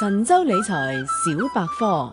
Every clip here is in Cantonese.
神州理財小百科，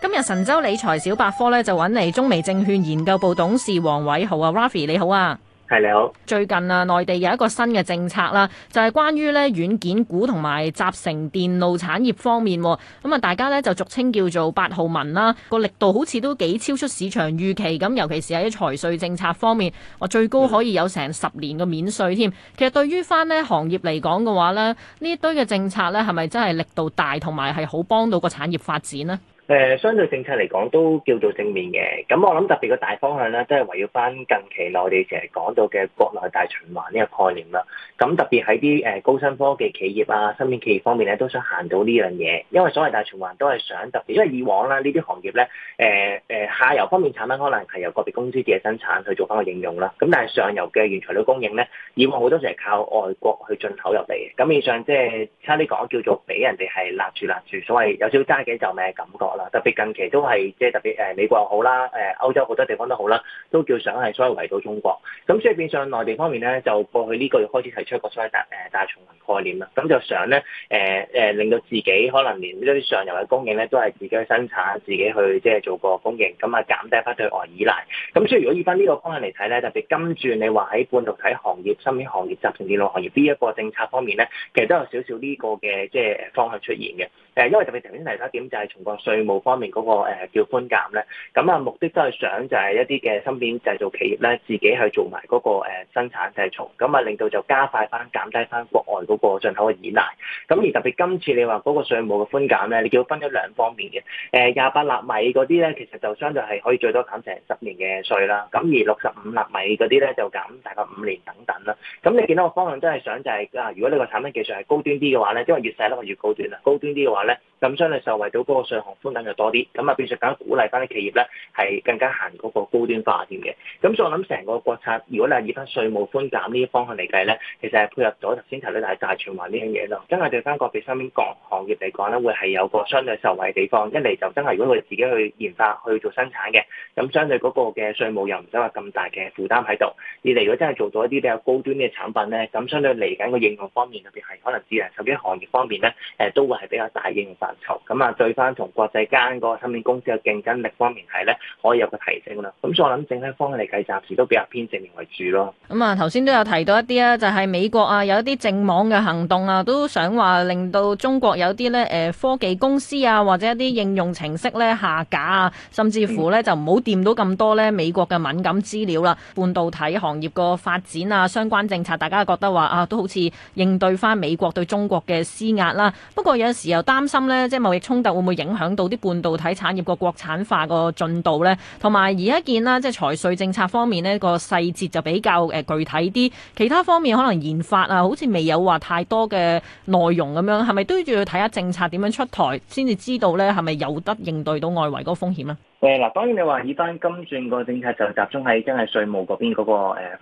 今日神州理財小百科咧就揾嚟中薇證券研究部董事黃偉豪啊，Raffi，你好啊。係你好，最近啊，內地有一個新嘅政策啦，就係關於咧軟件股同埋集成電路產業方面，咁啊，大家咧就俗稱叫做八號文啦。個力度好似都幾超出市場預期咁，尤其是喺財稅政策方面，我最高可以有成十年嘅免稅添。其實對於翻行業嚟講嘅話咧，呢一堆嘅政策咧係咪真係力度大，同埋係好幫到個產業發展呢？誒、呃、相對政策嚟講都叫做正面嘅。咁我諗特別個大方向咧，都係圍繞翻近期內地成日講到嘅國內大循環呢個概念啦。咁特別喺啲誒高新科技企業啊、芯片企業方面咧，都想行到呢樣嘢，因為所謂大循環都係想特別，因為以往啦呢啲行業咧，誒、呃、下游方面產品可能係由個別公司自己生產去做翻個應用啦。咁但係上游嘅原材料供應咧，以往好多時係靠外國去進口入嚟嘅。咁變相即係差啲講叫做俾人哋係立住立住，所謂有少揸幾嚿命嘅感覺啦。特別近期都係即係特別誒美國又好啦，誒歐洲好多地方都好啦，都叫想係所謂圍到中國。咁所以變相內地方面咧，就過去呢個月開始出個所謂大誒大重雲概念啦，咁就想咧誒誒令到自己可能連一啲上游嘅供應咧都係自己去生產，自己去即係、呃、做個供應，咁啊減低翻對外依賴。咁所以如果以翻呢個方向嚟睇咧，特別跟住你話喺半導體行業、芯片行業、集成電路行業呢一個政策方面咧，其實都有少少呢個嘅即係方向出現嘅。誒，因為特別頭先提到一點就係從個稅務方面嗰個叫寬減咧，咁啊目的都係想就係一啲嘅芯片製造企業咧自己去做埋嗰個生產製造，咁啊令到就加快。翻減低翻國外嗰個進口嘅依賴，咁而特別今次你話嗰個稅務嘅寬減咧，你見到分咗兩方面嘅，誒廿八納米嗰啲咧，其實就相對係可以最多減成十年嘅稅啦，咁而六十五納米嗰啲咧就減大概五年等等啦，咁你見到個方向真係想就係，啊，如果你個產品技術係高端啲嘅話咧，因為越細粒越高端啊，高端啲嘅話咧。咁相對受惠到嗰個稅項寬減就多啲，咁啊變相咁鼓勵翻啲企業咧係更加行嗰個高端化添嘅。咁所以我諗成個國策，如果你係以翻稅務寬減呢啲方向嚟計咧，其實係配合咗頭先提到大循環呢樣嘢咯。真係對翻個別身邊各行業嚟講咧，會係有個相對受惠地方。一嚟就真係如果佢自己去研發去做生產嘅，咁相對嗰個嘅稅務又唔使話咁大嘅負擔喺度。二嚟如果真係做到一啲比較高端嘅產品咧，咁相對嚟緊個應用方面，特別係可能智能手機行業方面咧，誒都會係比較大應用化。咁啊，對翻同國際間個芯片公司嘅競爭力方面係呢，可以有個提升啦。咁所以我諗整體方面嚟計，暫時都比較偏正面為主咯。咁啊，頭先都有提到一啲啊，就係美國啊，有一啲政網嘅行動啊，都想話令到中國有啲呢誒科技公司啊，或者一啲應用程式呢下架啊，甚至乎呢就唔好掂到咁多呢美國嘅敏感資料啦。半導體行業個發展啊，相關政策，大家覺得話啊，都好似應對翻美國對中國嘅施壓啦。不過有時又擔心呢。即係貿易衝突會唔會影響到啲半導體產業個國產化個進度呢？同埋而家見啦，即係財稅政策方面呢個細節就比較誒具體啲，其他方面可能研發啊，好似未有話太多嘅內容咁樣，係咪都要睇下政策點樣出台先至知道呢？係咪有得應對到外圍嗰個風險呢？誒嗱，當然你話以返金轉個政策就集中喺真係稅務嗰邊嗰個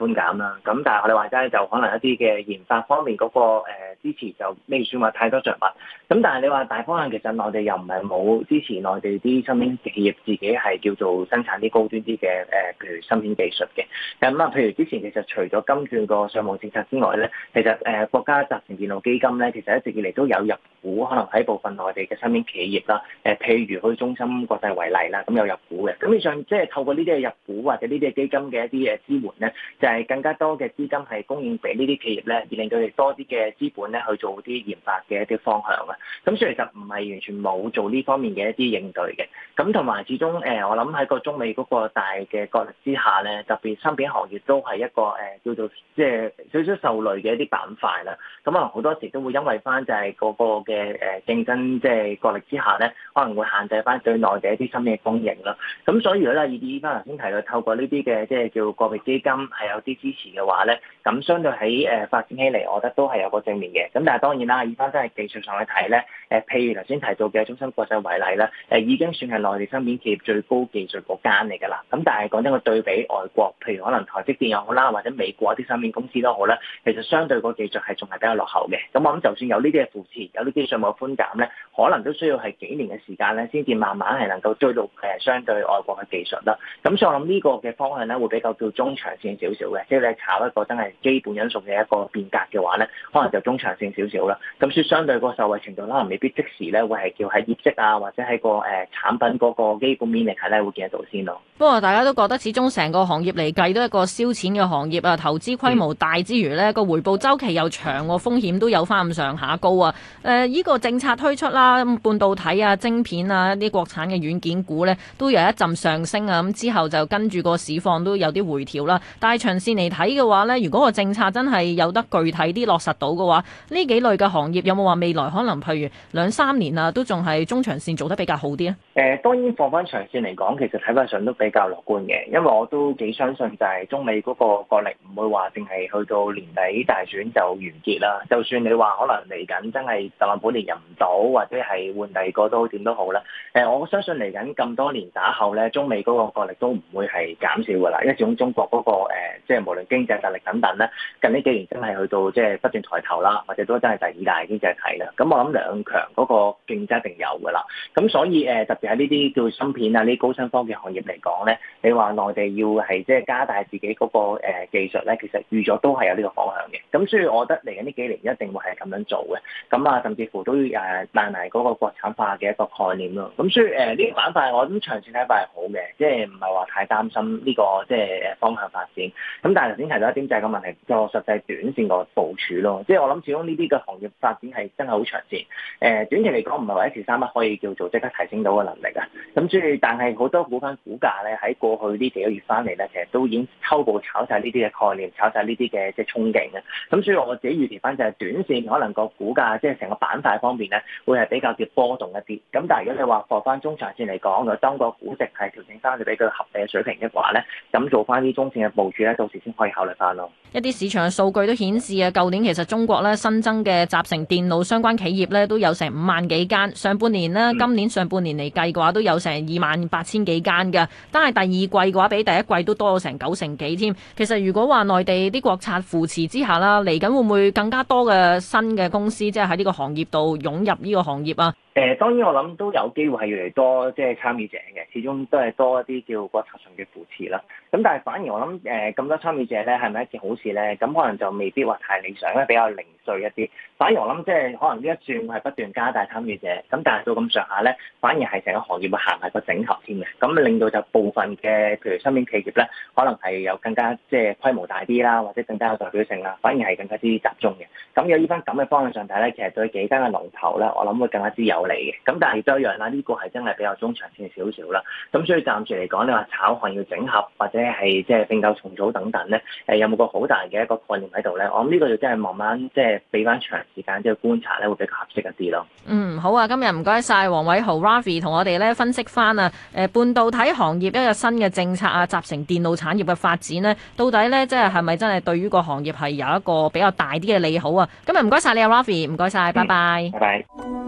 寬減啦，咁但係我哋話齋就可能一啲嘅研發方面嗰個支持就未算話太多着墨。咁但係你話大方向其實內地又唔係冇支持內地啲芯片企業自己係叫做生產啲高端啲嘅誒譬如芯片技術嘅。咁啊，譬如之前其實除咗金轉個稅務政策之外咧，其實國家集成電路基金咧其實一直以嚟都有入股，可能喺部分內地嘅芯片企業啦，譬如以中芯國際為例啦，咁入股嘅，咁以上即係透過呢啲嘅入股或者呢啲嘅基金嘅一啲嘅支援咧，就係、是、更加多嘅資金係供應俾呢啲企業咧，而令到佢哋多啲嘅資本咧去做啲研發嘅一啲方向。咁所以其實唔係完全冇做呢方面嘅一啲應對嘅。咁同埋始終、呃、我諗喺個中美嗰個大嘅角力之下咧，特別芯片行業都係一個、呃、叫做即係、呃呃、少少受累嘅一啲板塊啦。咁可能好多時都會因為翻就係嗰個嘅誒、呃、競爭即係角力之下咧，可能會限制翻對內地一啲芯片嘅供應。咁、嗯、所以如果咧以啲翻頭先提到透過呢啲嘅即係叫國別基金係有啲支持嘅話咧，咁相對喺誒發展起嚟，我覺得都係有個正面嘅。咁但係當然啦，以翻真係技術上去睇咧，誒，譬如頭先提到嘅中芯國際為例咧，誒已經算係內地芯片企業最高技術嗰間嚟㗎啦。咁但係講真，個對比外國，譬如可能台積電又好啦，或者美國啲芯片公司都好咧，其實相對個技術係仲係比較落後嘅。咁我諗就算有呢啲嘅扶持，有呢啲嘅上模寬減咧，可能都需要係幾年嘅時間咧，先至慢慢係能夠追到誒。相對外國嘅技術啦，咁所以我諗呢個嘅方向咧，會比較叫中長線少少嘅，即係你炒一個真係基本因素嘅一個變革嘅話咧，可能就中長線少少啦。咁所以相對個受惠程度可能未必即時咧，會係叫喺業績啊，或者喺個誒產品嗰個基本面嚟睇咧，會見得到先咯。不過大家都覺得，始終成個行業嚟計都係一個燒錢嘅行業啊，投資規模大之餘咧，個、嗯、回報周期又長喎，風險都有翻咁上下高啊。誒、呃，依、呢個政策推出啦，半導體啊、晶片啊一啲國產嘅軟件股咧。都有一陣上升啊，咁之後就跟住個市況都有啲回調啦。但係長線嚟睇嘅話呢，如果個政策真係有得具體啲落實到嘅話，呢幾類嘅行業有冇話未來可能譬如兩三年啊，都仲係中長線做得比較好啲啊？當然，放翻長線嚟講，其實睇法上都比較樂觀嘅，因為我都幾相信就係中美嗰個角力唔會話淨係去到年底大選就完結啦。就算你話可能嚟緊真係特朗普連任唔到，或者係換第二個都點都好啦。誒，我相信嚟緊咁多年。打後咧，中美嗰個角力都唔會係減少㗎啦，因為始終中國嗰、嗰個、呃、即係無論經濟實力等等咧，近呢幾年真係去到即係不斷抬頭啦，或者都真係第二大經濟體啦。咁我諗兩強嗰個競爭一定有㗎啦。咁所以誒、呃，特別喺呢啲叫芯片啊、這些的呢啲高新科技行業嚟講咧，你話內地要係即係加大自己嗰、嗰個、呃、技術咧，其實預咗都係有呢個方向嘅。咁所以我覺得嚟緊呢幾年一定會係咁樣做嘅。咁啊，甚至乎都誒帶埋嗰個國產化嘅一個概念咯。咁所以誒，呢啲板塊我諗睇法係好嘅，即係唔係話太擔心呢個即係方向發展。咁但係頭先提到一點就係個問題，即係實際短線個部署咯。即係我諗始終呢啲嘅行業發展係真係好長線。誒，短期嚟講唔係話一時三刻可以叫做即刻提升到嘅能力啊。咁所以，但係好多股份股價咧喺過去呢幾個月翻嚟咧，其實都已經抽步炒晒呢啲嘅概念，炒晒呢啲嘅即係衝勁啊。咁所以我自己預期翻就係短線可能個股價即係成個板塊方面咧，會係比較叫波動一啲。咁但係如果你話放翻中長線嚟講，如個估值係調整翻至比較合理嘅水平嘅話呢，咁做翻啲中線嘅部署，呢到時先可以考慮翻咯。一啲市場嘅數據都顯示啊，舊年其實中國呢新增嘅集成電路相關企業呢都有成五萬幾間，上半年呢，今年上半年嚟計嘅話都有成二萬八千幾間嘅，但係第二季嘅話比第一季都多咗成九成幾添。其實如果話內地啲國策扶持之下啦，嚟緊會唔會更加多嘅新嘅公司即係喺呢個行業度湧入呢個行業啊？誒當然我諗都有機會係越嚟越多即係參與者嘅，始終都係多一啲叫國策上嘅扶持啦。咁但係反而我諗誒咁多參與者咧係咪一件好事咧？咁可能就未必話太理想咧，比較零碎一啲。反而我諗即係可能呢一轉會係不斷加大參與者，咁但係到咁上下咧，反而係成個行業會行埋個整合添嘅，咁令到就部分嘅譬如身邊企業咧，可能係有更加即係規模大啲啦，或者更加有代表性啦，反而係更加之集中嘅。咁有依班咁嘅方向上睇咧，其實對幾間嘅龍頭咧，我諗會更加之有嚟嘅，咁但係周揚啊，呢、呢個係真係比較中長線少少啦。咁所以暫時嚟講，你話炒行要整合或者係即係並購、重組等等咧，誒有冇個好大嘅一個概念喺度咧？我諗呢個就真係慢慢即係俾翻長時間即係觀察咧，會比較合適一啲咯。嗯，好啊，今日唔該晒黃偉豪 Raffy 同我哋咧分析翻啊，誒半導體行業一個新嘅政策啊，集成電路產業嘅發展咧，到底咧即係係咪真係對於個行業係有一個比較大啲嘅利好啊？今日唔該晒你啊 Raffy 唔該曬，嗯、拜拜。拜拜。